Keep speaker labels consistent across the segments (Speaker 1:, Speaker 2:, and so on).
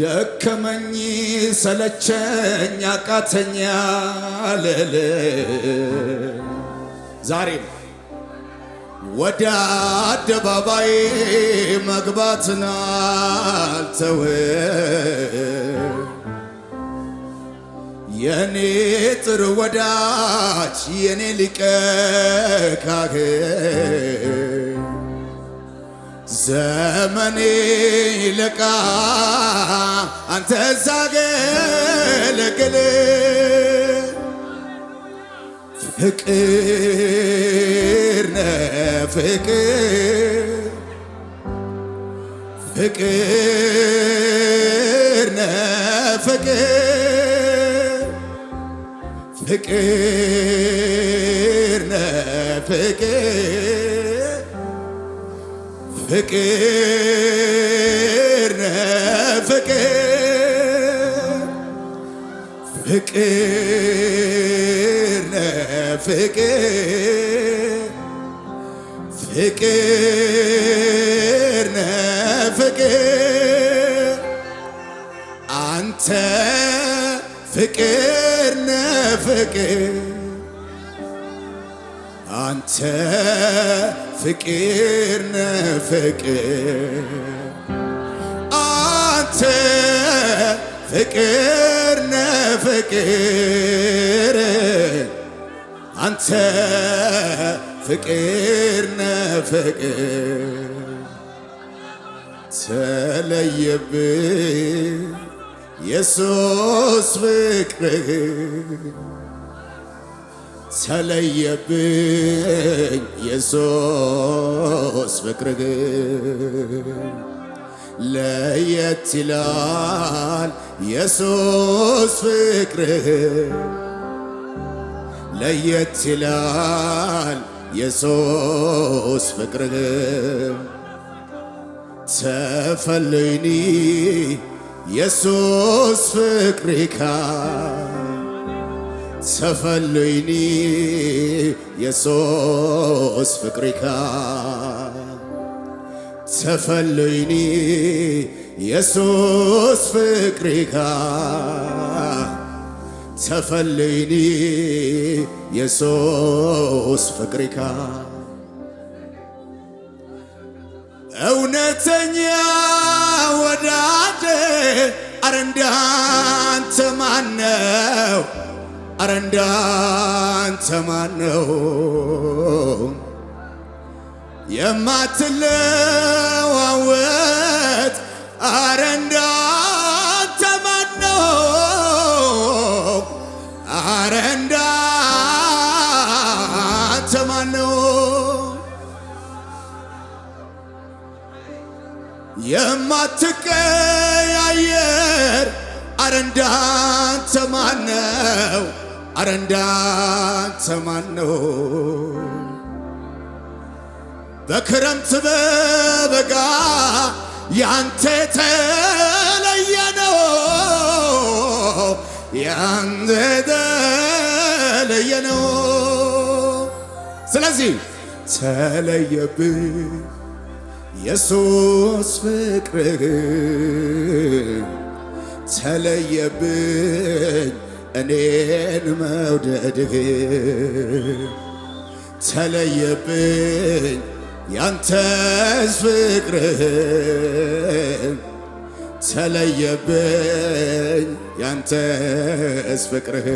Speaker 1: ደከመኝ ሰለቸኝ አቃተኛ ለለ ዛሬም ወደ አደባባይ መግባትን አልተወ የኔ ጥሩ ወዳጅ የኔ ሊቀ ካህን ዘመኔ ይለቃ አንተ ዛገለገለ ፍቅር ፍቅር ፍቅር ፍቅር ፍቅር ፍቅር ፍቅር ፍቅር ፍቅር ፍቅር ፍቅር ፍቅር አንተ ፍቅር ፍቅር ያንተ ፍቅር ነፍቅር አንተ ፍቅር ነፍቅር አንተ ፍቅር ነፍቅር ተለየብኝ የሱስ ፍቅር ተለየብኝ የሱስ ፍቅር ለየት ይላል የሱስ ለየት ይላል የሱስ ፍቅር ተፈለይኒ የሱስ ፍቅሪካ ሰፈለይኒ የሶስ ፍቅሪካ ሰፈለይኒ የሱስ ፍቅሪካ ሰፈለይኒ የሱስ ፍቅሪካ እውነተኛ ወዳጄ አረ እንዳንተ ማነው? አረ እንዳንተ ማነው የማትለዋወጥ አረ እንዳንተ ነው አረ እንዳንተ ማነው የማትቀያየር አረ እንዳንተ ማነው አረ እንዳንተ ማን ነው? በክረምት በበጋ ያንተ የተለየ ነው፣ ያንተ የተለየ ነው። ስለዚህ ተለየብን የሱስ ፍቅርህ ተለየብን እኔን መውደድህ ተለየብኝ ያንተስ ፍቅርህ ተለየብኝ ያንተስ ፍቅርህ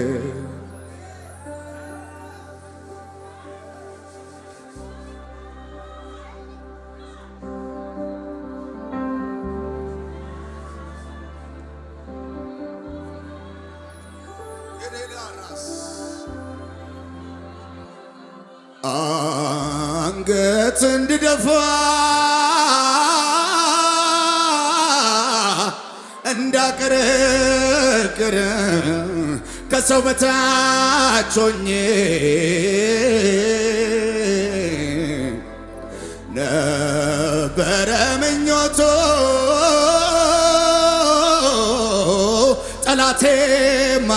Speaker 1: አንገት እንድደፋ እንዳቀረቅር ከሰው በታች ሆኜ ነበረ ምኞቶ ጠላቴማ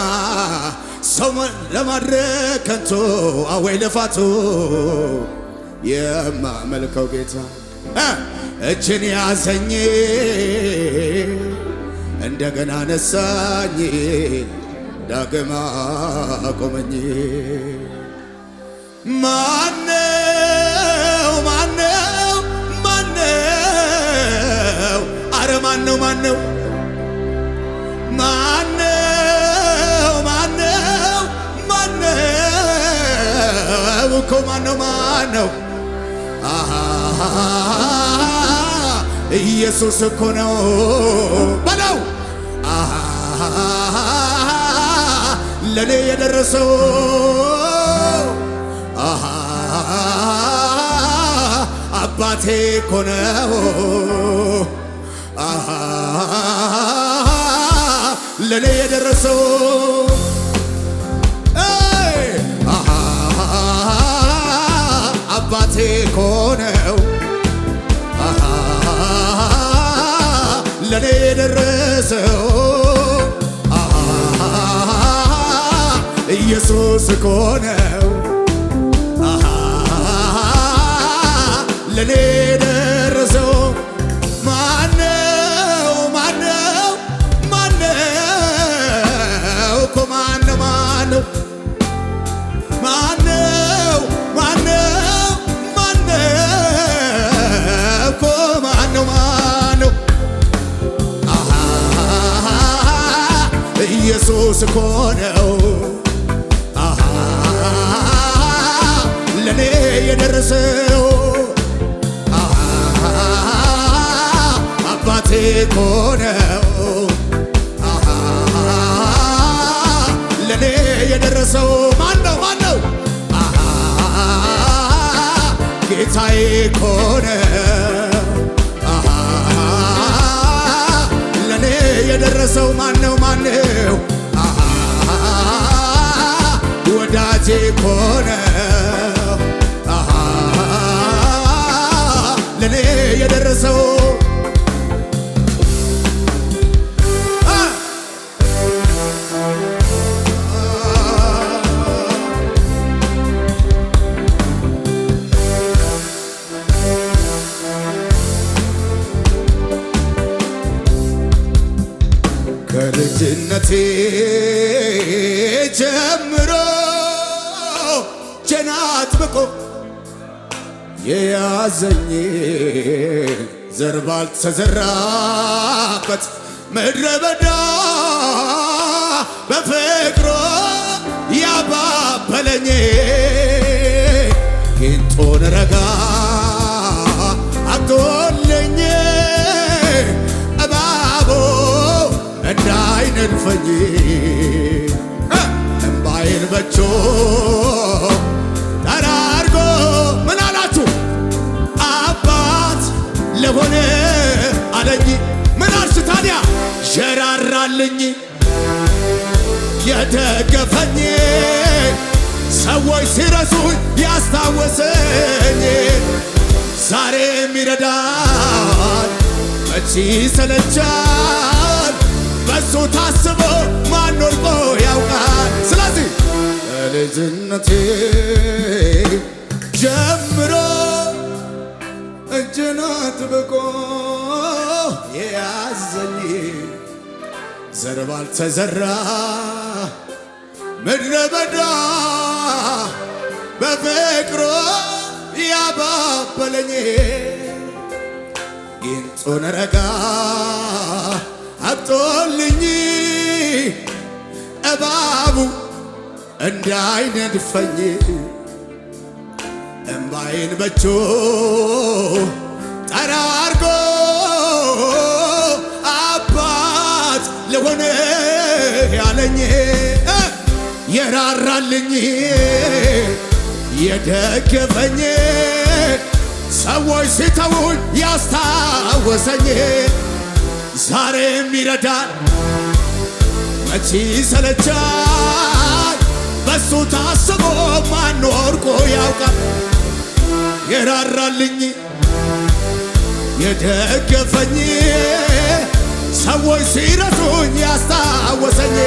Speaker 1: ሰውን ለማድረግ ከንቱ አወይ ልፋቱ የማመልከው ጌታ እችን ያዘኝ እንደገና ነሳኝ ዳግማ ቆመኝ። ማነው ማነው ማነው አረ ማነው ማነው ማነው እኮ ማነው ነው ኢየሱስ እኮ ነው በለው። ለእኔ የደረሰው አባቴ እኮ ነው። ለእኔ የደረሰው ሞቴ ከሆነው ለኔ የደረሰው ኢየሱስ ከሆነው ኢየሱስ እኮ ነው ለእኔ የደረሰው አባቴ እኮ ነው ለእኔ የደረሰው ማን ነው ማን ነው ጌታዬ እኮ ነው ለእኔ የደረሰው ማን እውነቴ እኮ ነው ለእኔ የደረሰው ከልጅነቴ የያዘኝ ዘር ባልተዘራበት ምድረ በዳ በፍቅሮ ያባበለኝ ቂንጦን ረጋ አቶለኝ እባቦ እንዳይነድፈኝ እምባዬን በቾ ያለኝ የደገፈኝ ሰዎች ሲረሱ ያስታወሰኝ ዛሬ ይረዳል መቺ ሰለቻል በሱ ታስቦ ማኖርቆ ያውቃል። ስለዚህ ከልጅነቴ ጀምሮ እጅና ትብቆ የያዘኝ ዘር ባልተዘራ ምድረ በዳ በፍቅሮ ያባበለኝ ጊንጡን ረጋ አብጦልኝ እባቡ እንዳይነድፈኝ እምባዬን በቾ ጠራርጎ የራራልኝ የደገፈኝ ሰዎች ሲተውን ያስታወሰኝ ዛሬም ይረዳል መቼ ሰለቻል በሱ ታስቦ ማን ወርቆ ያውቃል የራራልኝ የደገፈኝ ሰዎች ሲረሱኝ ያስታወሰኝ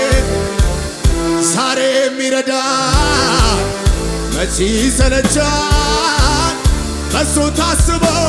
Speaker 1: ዛሬ የሚረዳ መቼ ሰለቻን በሱ ታስበው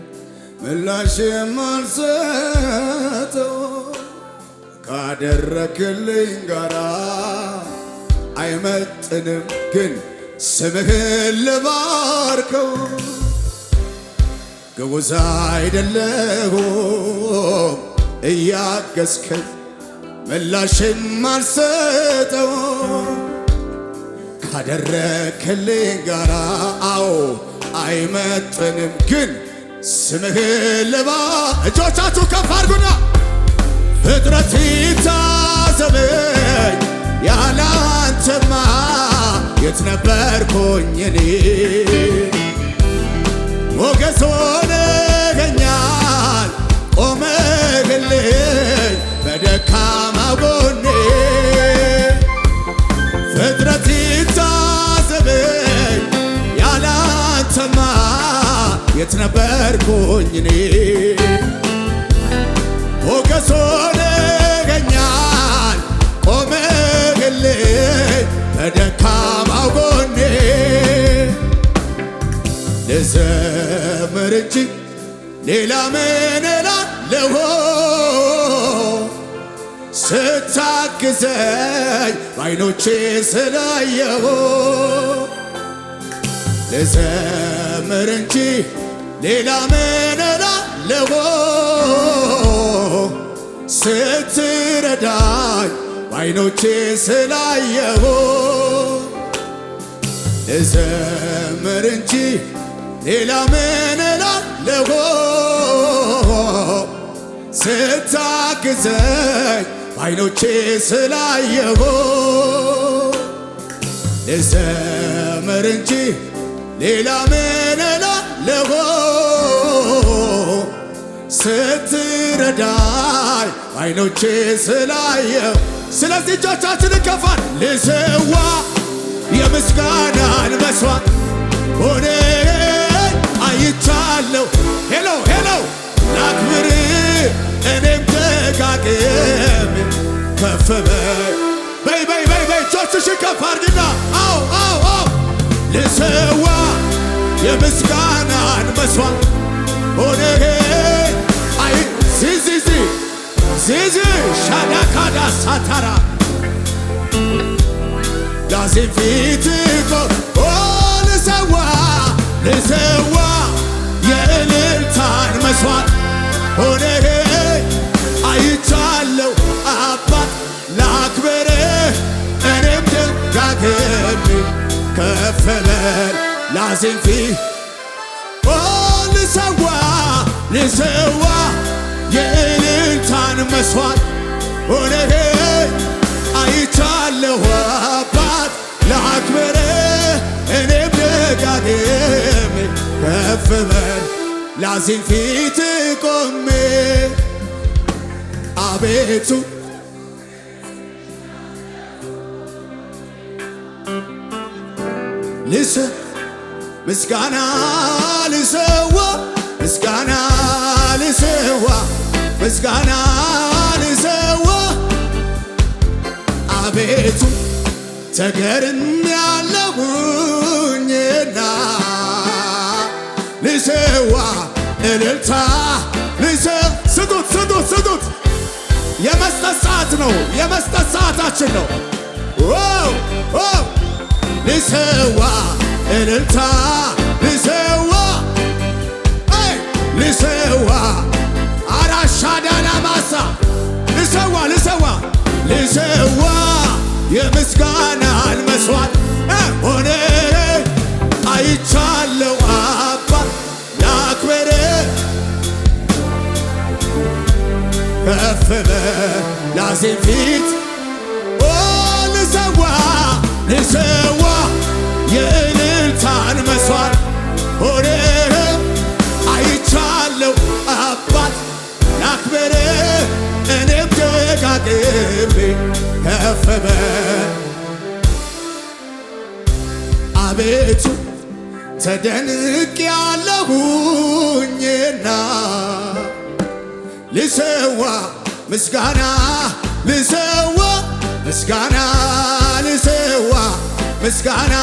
Speaker 1: ምላሽ የማልሰጠው ካደረክልኝ ጋራ አይመጥንም ግን ስምህን ልባርከው ግውዝ አይደለሁም እያገዝከኝ ምላሽ የማልሰጠው ካደረክልኝ ጋራ አዎ አይመጥንም ግን ስምህን ልባ እጆቻችሁ ከፍ አድርጉና ፍጥረት ይታዘበኝ ያለ አንተማ የት ነበርኩኝ እኔ ሞገሶን የት ነበርኩኝ እኔ ሞገሶ ነገኛል ቆመህልኝ በደካማው ጎኔ ልዘምር እንጂ ሌላ ምን እላለሁ ስታግዘኝ ባይኖቼ ስላየሁ ልዘምር እንጂ ሌላ ምን እላለሁ ስትረዳኝ ባይኖቼ ስላየሁ እዘምር እንጂ ሌላ ምን እላለሁ ስታግዘኝ ባይኖቼ ስላየሁ እዘምር እንጂ ሌላ ምን እላለሁ ስትረዳይ አይኖቼ ስላየ ስለዚህ እጆቻችን ከፋን ልስዋ የምስጋናን መስዋዕት ሆነ አይቻለሁ። ሄሎ ሄሎ ላክብር እኔም ደጋግም ከፍ በይ በይ በይ በይ በይ እጆችሽን ከፍ አድርጊና አዎ አዎ አዎ ልስዋ የምስጋናን መስዋዕት ሆነ ዚዚ ሻዳካዳ ሳታራ ላዚን ፊት ቆ ልሰዋ ልሰዋ የእልልታን መስዋዕት ሆነ አይቻለው አባት ላክብር እኔም ደጋግም ከፈበል ላዚን ፊት ልሰዋ ልሰዋ መስዋዕት ሆነህ አይቻለሁ አባት ለአክብር እኔም ደጋግሜ ከፍ በል ላዚን ፊት ቆሜ አቤቱ ልስ ምስጋና ልሰዋ ምስጋና ልሰዋ ምስጋና ልሰዋ አቤቱ ተገርን ያለሁኝና ልሰዋ እልልታ ልሰ ስጡት ስጡት ስጡት የመስጠት ሰዓት ነው። የመስጠት ሰዓታችን ነው። ልሰዋ እልልታ ልሰዋ ልሰዋ ልነሳ ልሰዋ ልሰዋ ልሰዋ የምስጋናን መስዋዕት ሆነ አይቻለው አባት ላክበረ ከፍ በላዜም ፊት ልሰዋ ልሰዋ የእልልታን መስዋዕት በፊቱ ተደንቅ ያለሁኝና ልሰዋ ምስጋና ልሰዋ ምስጋና ልሰዋ ምስጋና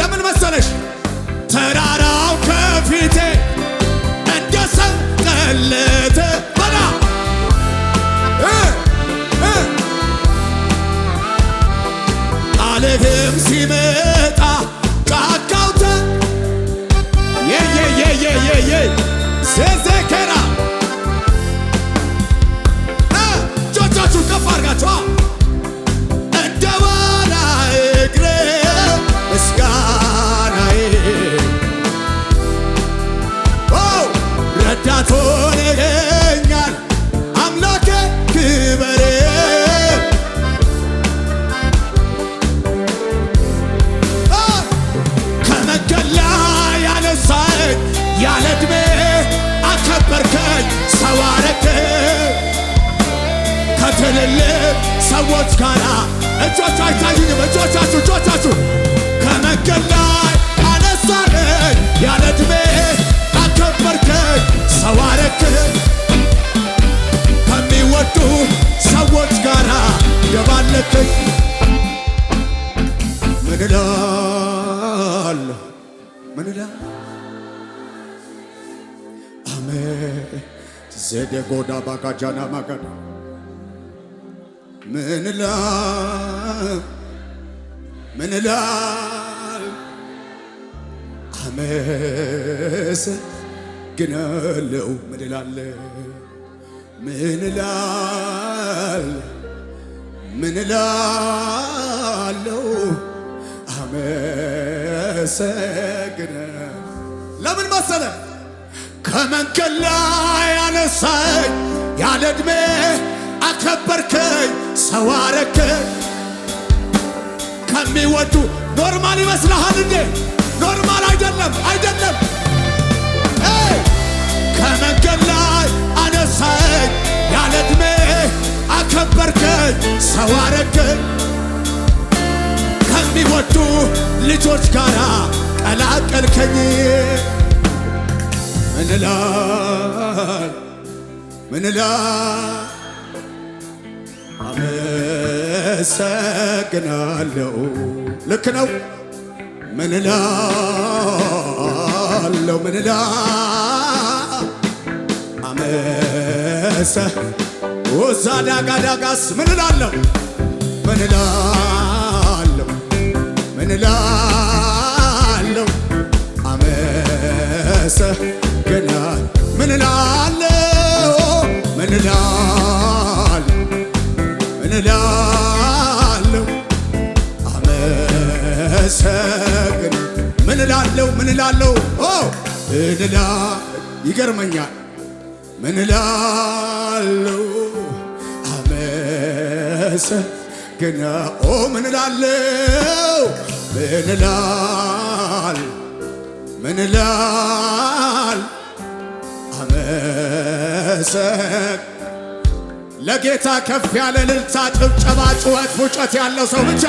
Speaker 1: ለምን መሰለሽ ተራራ ዓለትም ሲመ ያለ ዕድሜ አከበርከኝ ሰው አረከኝ ከትልልቅ ሰዎች ጋራ እጆች አይታዩንም። እጆቻችሁ እጆቻችሁ ከመንገድ ላይ አነሳለኝ ያለ ዕድሜ አከበርከኝ ሰው አረከኝ ከሚወዱ ሰዎች ጋር ገባለከኝ ምን እላለሁ ዘደጎዳ ባጋጃና ማጋ ምንላ ምንላ አመሰግናለሁ ምንላለ ምንላል ምንላለው አመሰግነ ለምን መሰለ ከመንገድ ላይ አነሳኝ ያለ ዕድሜ አከበርከኝ ሰው አረከኝ ከሚወዱ ኖርማል ይመስልሃል እንዴ? ኖርማል አይደለም አይደለም። ከመንገድ ላይ አነሳኝ ያለ ዕድሜ አከበርከኝ ሰው አረከኝ ከሚወዱ ልጆች ጋር ቀላቀልከኝ ምንላ ምንላ አመሰግናለው ልክ ነው ምንላለው ምንላ አመሰ ወዛ ዳጋ ዳጋስ ምንላለው ምንላለው ምንላ ምንላለው ምንላል ምንላለው አመሰግን ምንላለው ምንላለው ምንላ ይገርመኛል ምንላለው አመሰግን ኦ ምንላለው ምንላል ምንላል ተመለሰ። ለጌታ ከፍ ያለ ልልታ፣ ጭብጨባ፣ ጩኸት፣ ፉጨት ያለው ሰው ብቻ